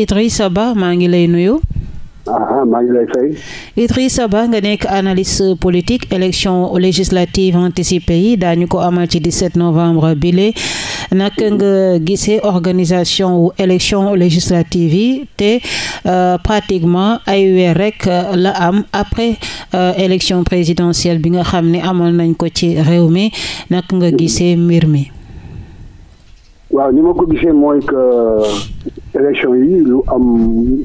Idrissa Ba maa ngi maa ngi lay fay. Idrissa Ba nga nekk analyste politique élection législative anticipée yi daañu ko amal ci 17 novembre bile naka nga gisee organisation wu élection législative yi te euh, pratiquement ay weer rek euh, la am après euh, élection présidentielle bi nga xam ni amoon nañ ko ci réew mi naka nga gisee mbir mi. élection yi lu am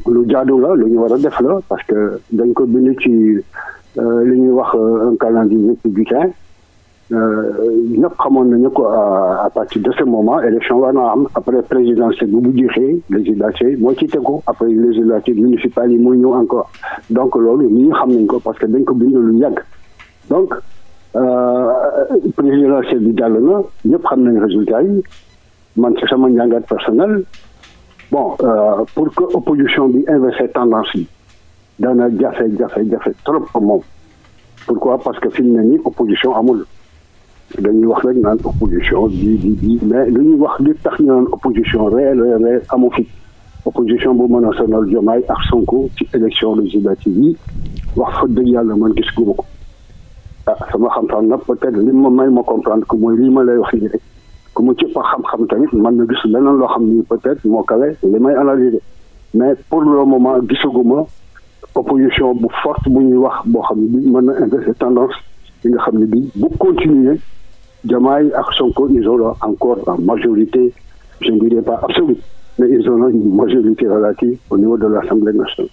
lu jaadu la lu ñu war a def la parce que dañ ko bind ci euh, li ñuy wax euh, un calendrier républicain euh, ñëpp xamoon nañu ko à partir de ce moment élection war na après présidentielle bu bu jeexee législative moo ci tegu après législative municipale yi mooy ñëw encore donc loolu ni ñu xam nañ ko parce que dañ ko bind lu yàgg donc présidentielle bi jàll na ñëpp xam nañ résultat yi man ci sama njàngat personnel bon euh, pour que opposition bi inverser tendance yi dana jafe jafe jafe trop moom pourquoi parce que fi mu ne nii opposition amul dañuy wax rek naan opposition di di di mais lu ñuy wax di tax ñu naan opposition réel réel amu fi opposition bu mën a sonal Diomaye ak Sonko ci élection législative yi wax fa dëgg yàlla man gis guma ko ah sama xam-xam nag peut-être li ma may ma comprendre que mooy lii ma lay wax nii rek ku mu ci xam-xam tamit mën na gis leneen loo xam ni peut-être moo kale li may analyser mais pour le moment gisaguma opposition bu forte bu ñuy wax boo xam ne bi mën na inverser tendance bi nga xam ne bi bu continuer Diomaye ak Sonko ils ont encore en majorité je ne dirais pas absolue mais ils ont une majorité relative au niveau de l'Assemblée nationale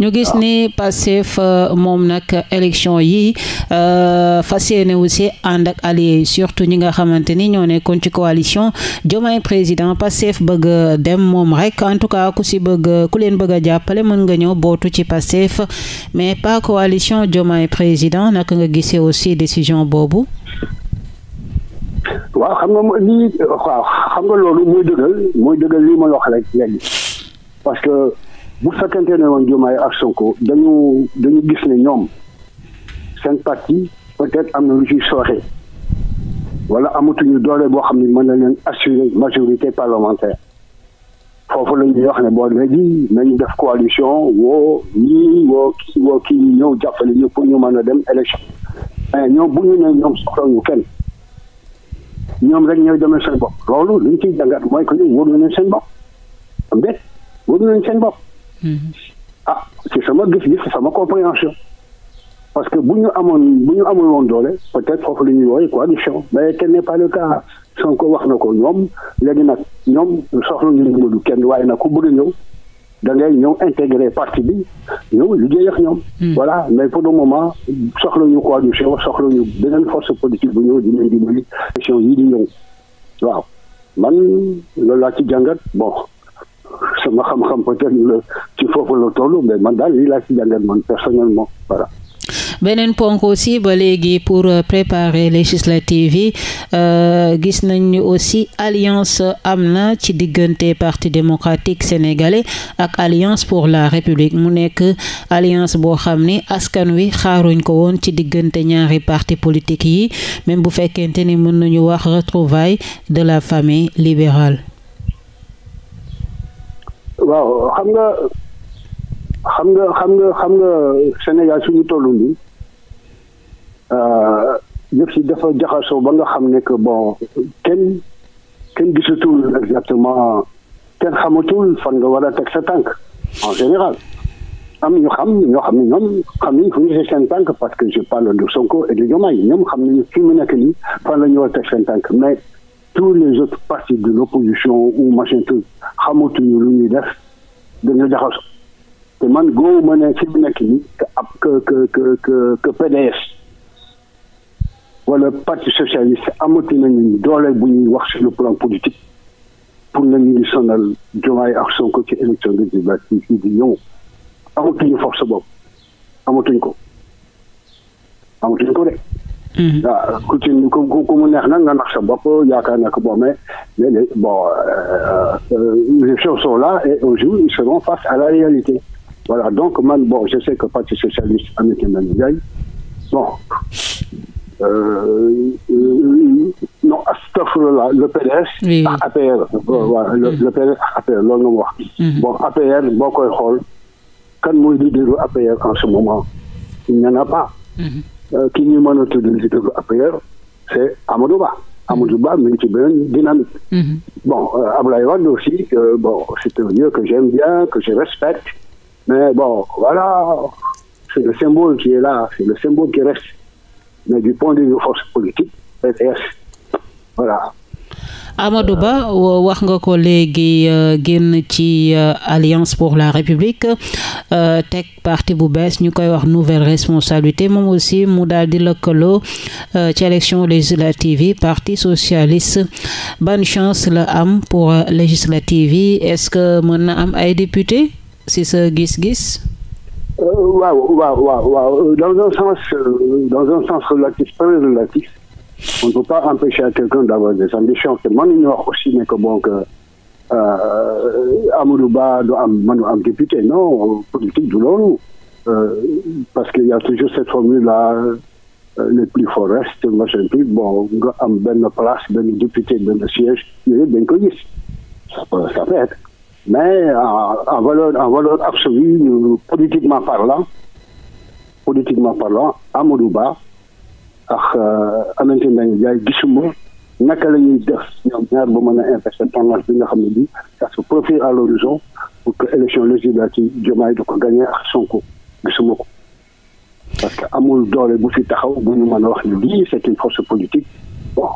ñu gis ni Pastef euh, moom nag élection yi euh, fas yéene aussi ànd ak allié surtout ñi nga xamante ni ñoo nekkoon ci coalition Diomaye président Pastef bëgg dem moom rek en tout cas ku si bëgg ku leen bëgg a jàppale mën nga ñëw bootu ci Pastef mais pas coalition Diomaye président nag nga gisee aussi décision boobu. waaw xam nga loolu mooy dëggal mooy dëggal lii ma wax rek léegi parce que. bu fekkente ne woon Diomaye ak Sonko dañu dañu gis ne ñoom seen parti peut-être am na lu ciy sooxe wala amatuñu doole boo xam ne mën na leen assurer majorité parlementaire foofu la ñuy wax ne boo léegi nañu def coalition woo ñii woo kii woo kii ñu ñëw jàppale ñu pour ñu mën a dem élection mais ñoom bu ñu ne ñoom soxlawuñu kenn ñoom rek ñooy demee seen bopp loolu li ñu ciy mooy que ñu wóor nañ seen bopp am déet wóor nañ seen bopp ah ci sama gis-gis sama compréhension parce que bu ñu amoon bu ñu amul woon doole peut-être foofu la ñuy woowee coalition mais tel n'est pas le cas Sonko wax na ko ñoom léegi nag ñoom soxla ñu dimbalu kenn waaye nag ku bëgg a ñëw da ngay ñëw intégré parti bi ñëw liggéey ak ñoom. Hmm. voilà mais pour le moment soxla ñu coalition soxla ñu beneen force politique bu ñëw di leen dimbali émission yi di ñëw waaw man loolu laa ci jàngat bon sama xam-xam peut-être foofu la toll mais man daal lii laa si beneen ponk aussi ba léegi pour euh, préparer législative yi euh, gis nañu aussi alliance am na ci diggante parti démocratique sénégalais ak alliance pour la république mu nekk alliance boo xam ni askan wi xaaruñ ko woon ci diggante ñaari parti politique yi même bu fekkente ni mën nañu wax retrouvailles de la famille libérale xam nga xam nga xam nga Sénégal suñu toll nii euh, yëf si dafa jaxasoo ba nga xam ne que bon kenn kenn gisatul exactement kenn xamatul fan nga war a teg sa tànk en général am ñu xam ñoo xam ne ñoom xam nañ fu ñu teg seen parce que je parle de Sonko e de Diomaye ñoom xam nañu fi mu nekk nii fan la ñu war a teg seen tànk mais tous les autres partis de l'opposition ou machin tout xamatuñu lu ñuy def dañoo jaxasoo te man góobu ma ne fi mu nekk nii que ab que que que que PDS wala parti socialiste amati nañu doole bu ñuy wax sur le plan politique pour ne ñu ngi sonal Diomaye ak Sonko ci élection législative yi di ñëw amatuñu force boobu amatuñ ko amatuñ ko de. waaw mm-hmm. ah, ku ci ku ku mu neex nag nga nax sa bopp yaakaar naa ko bon mais mais bon euh, euh, euh, les choses sont là et un jour ils seront face à la réalité. voilà donc man bon je sais que parti socialiste Aminata Mbengue Ndiaye bon euh, euh non astafurlah le PDS. oui APR. Ah, mm-hmm. le le PDS APR ah, loolu la mu APR mm-hmm. boo koy xool APR en ce il n'y en a pas. Mm-hmm. Euh, ki ñu mën a tudd leaderu APR c'est Amadou Ba. Amadou Ba mu ngi ci dynamique. bon euh, Abdoulaye Wade aussi bon c'est un lieu que j'aime bien que je respecte. Mais bon, voilà, c'est le symbole qui est là, c'est le symbole qui reste. Mais du point de force politique, PDS, voilà. Amadou Ba wax nga ko léegi euh, génn ci euh, Alliance pour la République euh, teg parti bu bees ñu koy wax nouvelle responsabilité moom aussi mu daal di lëkkaloo ci élection législative yi parti socialiste ban chance la am pour législative est-ce que mën na am ay député si sa gis-gis euh, waaw waaw waaw waaw euh, dans un sens euh, dans un sens relatif très relatif on peut pas empêcher à quelqu'un d'avoir des ambitions te mën nañu wax aussi ne que bon que Amadou Ba du am mënu am député non politique du loolu parce que y a toujours cette formule là les plus forts restent machin plus bon am benn place benn député benn siège yooyu dañ ko gis ça ça peut être mais en, en valeur en valeur absolue politiquement parlant politiquement parlant Amadou Ba ak euh, Aminata Mbengue Ndiaye gisuma naka la ñuy def ñoom ñaar ba mën a inverser tendance bi nga xam ne bi ça se profile à l'horizon pour que élection législative Diomaye du ko gagné ak Sonko ko parce que amul doole bu fi taxaw bu ñu wax ne lii c'est une force politique bon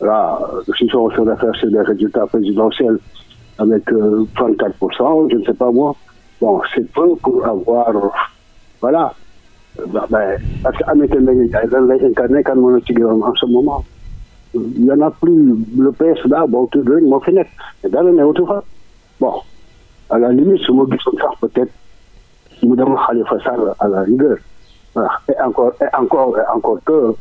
là si on se réfère sur les résultats présidentiels avec 34%, euh, je ne sais pas moi. Bon, c'est peu pour avoir, voilà. parce que lay incarné kan moo ci gënoon en ce moment. Il y en a plus le PS là bon tout le monde moo fi nekk dara bon à la limite su ma gisoon sax peut-être mu dem à la rigueur et encore et encore que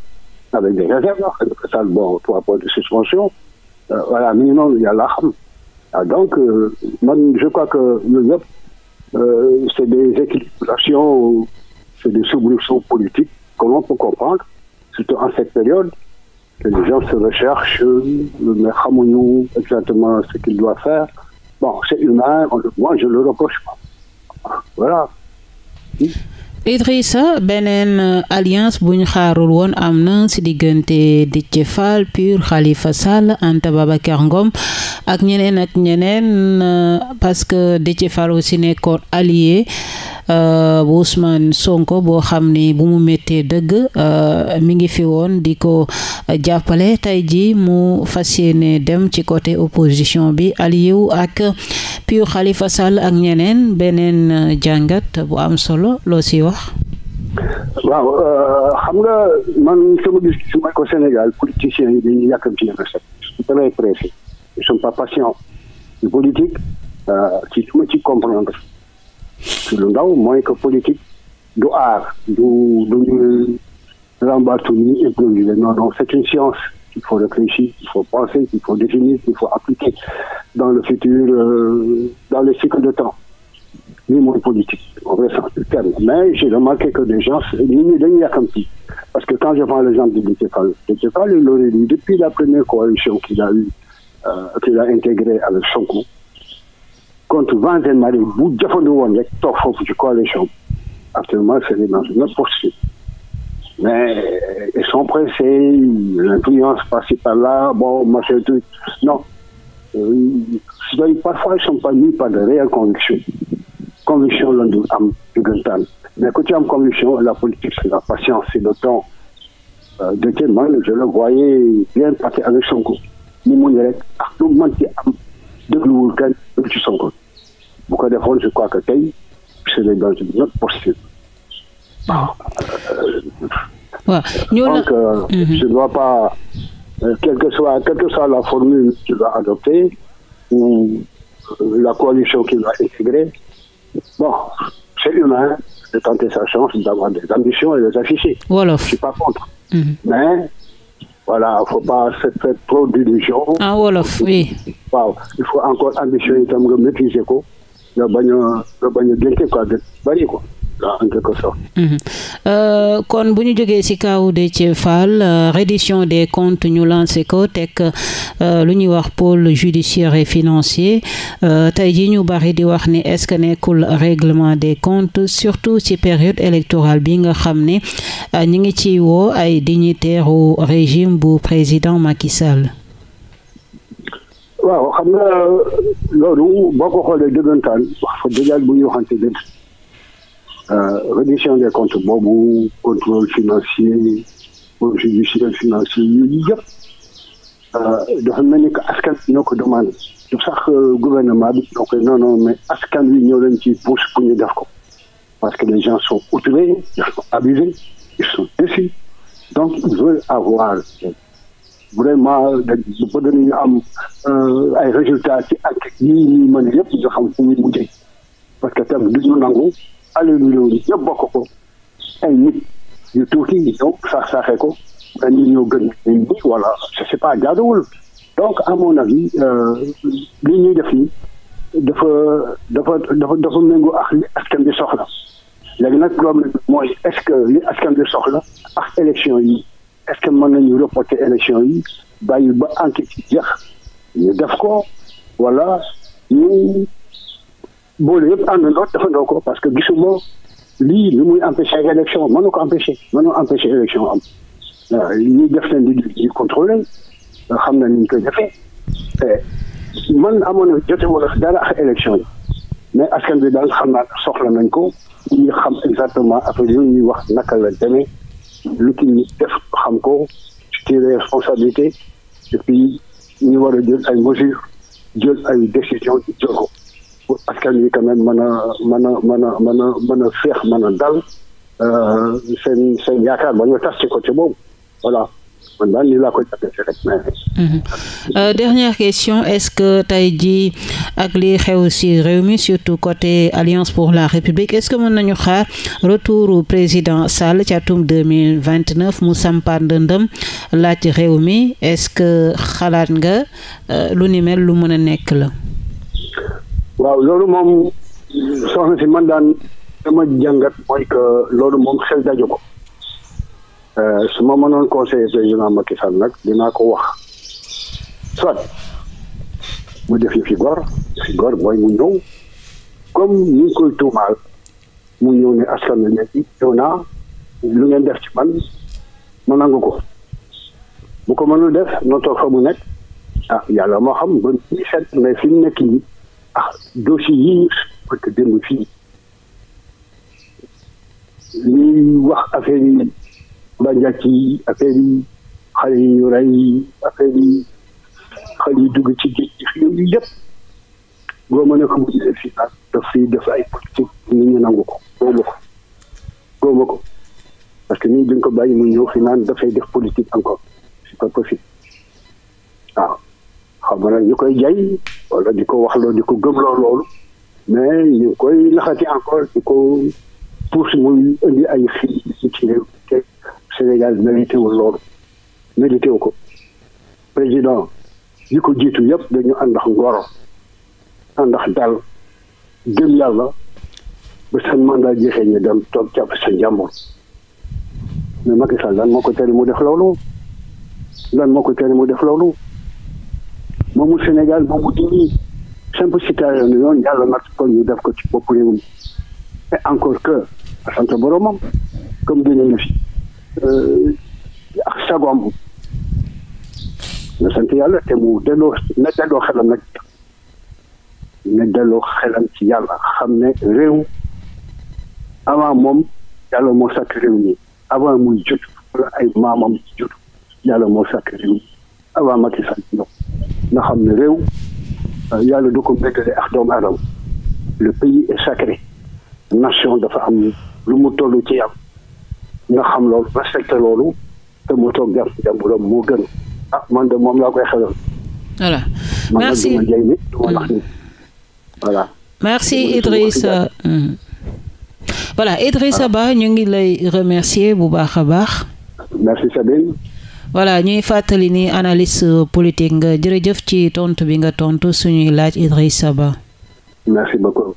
avec des réserves Khalifa Sall bon trois de suspension euh, voilà minimum yàlla xam. Ah, donc, euh, man, je crois que l'Europe, euh, c'est des équilibrations, c'est des soubresauts politiques que l'on peut comprendre, surtout en cette période, que les gens se recherchent, mais xamuñu exactement ce qu'ils doivent faire. Bon, c'est humain, moi je ne le reproche pas. Voilà. Idrissa beneen euh, alliance bu xaarul woon am na si diggante Déthié Fall xalifa Khalifa ante Anta Babacar Ngom ak ñeneen ak ñeneen euh, parce que Déthié Fall aussi nekkoon allié euh, bu Ousmane Sonko boo xam ni bu mu méttee dëgg mi ngi fi woon di ko jàppale tey ji mu fas yéene dem ci côté opposition bi allié wu ak PUR xalifa Sall ak ñeneen beneen jàngat bu am solo loo wax. waaw euh, xam nga man sama gis-gis mooy ko Sénégal politiciens yi dañuy yàkkamti yenn recette très pressés ils sont pas patients euh, ci politique ci su ma ci comprendre ci lu ndaw mooy que politique du aar du du lambatu ni improviser non non c'est une science il faut réfléchir il faut penser il faut définir il faut appliquer dans le futur euh, dans les cycles de temps lii mooy politique au vrai sens du mais j'ai remarqué que des gens nit ñi dañu yàkkamti parce que quand je prends l'exemple de Déthié depuis la première coalition qu'il a eu euh, qu'il a intégrée avec Sonko contre vents et marées bu jëfandu woon rek toog coalition actuellement c'est dans une autre poursuite mais ils sont pressés l'influence par-ci par-là bon machin non euh, parfois ils sont pas mis par de réelles convictions conviction la ñu am dëggantaan mais ku ci am conviction le temps euh, Déthié Maane je le voyais bien parti avec Sonko mu muñ rek ak lu mën ci am dégluwul kenn lu ci Sonko bu ko defoon je crois que tey c'est le dans une autre posture donc euh, mhm. je ne pas euh, soit quelle soit la formule qu'il va adopter ou euh, la coalition qu'il va intégrer Bon, c'est humain de tenter sa chance, d'avoir des ambitions et de les afficher. Voilà. Je ne suis pas contre. Mm -hmm. Mais voilà, il ne faut pas se faire trop d'illusions. Ah, Wolof, voilà, oui. Wow. Il faut encore ambitionner, comme le maîtriser, quoi. Le bagne, le bagne, quoi, de bagne, quoi, là, en quelque sorte. Mm -hmm. Euh, kon bu ñu jógee ci kaw Déthié Fall euh, reddition des comptes ñu lancé ko teg euh, lu ñuy wax pôle judiciaire et financier tey ji ñu bari di wax ni est-ce que nekkul règlement des comptes surtout ci période électorale bi nga xam ne ñi ngi ci woo ay dignitaire u régime bu président Macky Sall Euh, reddition des comptes boobu contrôle financier contrôle judiciaire financier yooyu yëpp euh, dafa mel ni que askan bi ñoo ko demandé du sax euh, gouvernement bi ñoo koy non non mais askan wi ñoo leen ci pousse pour ñu def ko parce que les gens sont outrés ils sont abusés ils sont déçus donc ils veulent avoir vraiment dañu bëgg nañu am ay résultats ci ak yii ñuy mën yëpp ñu xam fu muy mujjee parce que tam du ñu nangu alalu réew mi ñëpp bokk ko ay nit yu tuuti ñëw sax saxe ko nit ñoo gën voilà ñi wala je sais pas jaaduwul donc à mon avis euh, li ñuy def nii dafa dafa dafa dafa méngoo ak li askan bi soxla léegi nag problème mooy est ce que li askan bi soxla ak élection yi est ce que mën nañu reporter élection yi bàyyi ba enquête yi jeex def ko wala ñu boole yëpp àndandoo defandoo ko parce que gisuma lii lu muy empêcher élection mënu ko empêcher mënu empêcher élection am waaw def leen di di contrôler xam na ni ñu koy defee man amoon na jote wala dara ak élection yi mais askan bi daal xam naa soxla nañ ko ñu xam exactement affaire yooyu ñuy wax naka la demee lu ki ñu def xam ko ci responsabilité et puis ñu war a jël ay mesures jël ay décisions di jël pour askan mën a mën a mën a mën a mën a féex mën a dal euh, seen seen yaakaar ba ñu tas ci boobu voilà man daal lii laa ko jàppee rek mais. Mhm. Euh, dernière question est-ce que tey jii ak li xew ci réew mi surtout côté Alliance pour la République est-ce que mën nañu xaar retour président Sall ci atum deux mille vingt neuf mu sampaan ndëndëm laaj réew mi est-ce que xalaat nga euh, lu ni mel lu mën a nekk la. waaw loolu moom soxna si man daan dama jàngat mooy que loolu moom xel daju ko euh, su ma mënoon conseiller président Macky Sall nag dinaa ko wax soit mu def yëf yi gor yëf yi gor mooy mu ñëw comme ñu ngi koy tuumaal mu ñëw ne askan wi nekk ñëw naa lu ngeen def ci man ma nangu ko bu ko mënul def noo fa mu nekk ah yàlla moo xam mais fi mu nekk nii ah yi ñu parce que démb fii liy wax affaire yi banjàkk yi affaire yi xale yi ñu rey yi affaire yi xale yi dugg ci géej gi yooyu yëpp boo mën a ko bu gisee ah, daf fiy def ay politique ñu nangu ko góoba ko góoba ko parce que nii dañ ko bàyyi mu ñëw fi dafay def politique encore c'est pas possible waaw xaw ma ñu koy jay wala di ko wax loolu di ko gëmloo loolu mais ñu koy naxati encore di ko pousse muy indi ay fii ci réew te Sénégal mérité wu loolu mérité ko président di ko jiitu yëpp dañu àndax ngoro àndax dal gëm yàlla ba seen mandat jeexee ñu dem toog jàpp sa jàmbur mais Macky Sall lan moo ko tere mu def loolu dan moo ko tere mu def loolu moomu Sénégal moomu di ñii simple citoyen la yoon yàlla natt ko ñu def ko ci bopp réew mi et encore que sant boromam comme génne na fi euh, ak sagom na sant yàlla te mu delloo na delloo xelam nag na delloo xelam ci yàlla xam ne réew avant moom yàlla moo sàkk réew mi avant muy moo sàkk réew mi avant Macky Sall na xam ne réew euh, yàlla du ko méttale ak doomu aadama le pays est sacré nation dafa am lu mu toll ci yàlla na xam loolu respecté loolu te mu toog jàmm jàmburam moo gën ah man de moom laa koy xelal. voilà merci man nag duma Ba ñu ngi lay remercier bu baax a baax. merci Sabine. voilà ñuy fàttali ni analyste politique nga jërëjëf ci tontu bi nga tontu suñuy laaj Idrissa Ba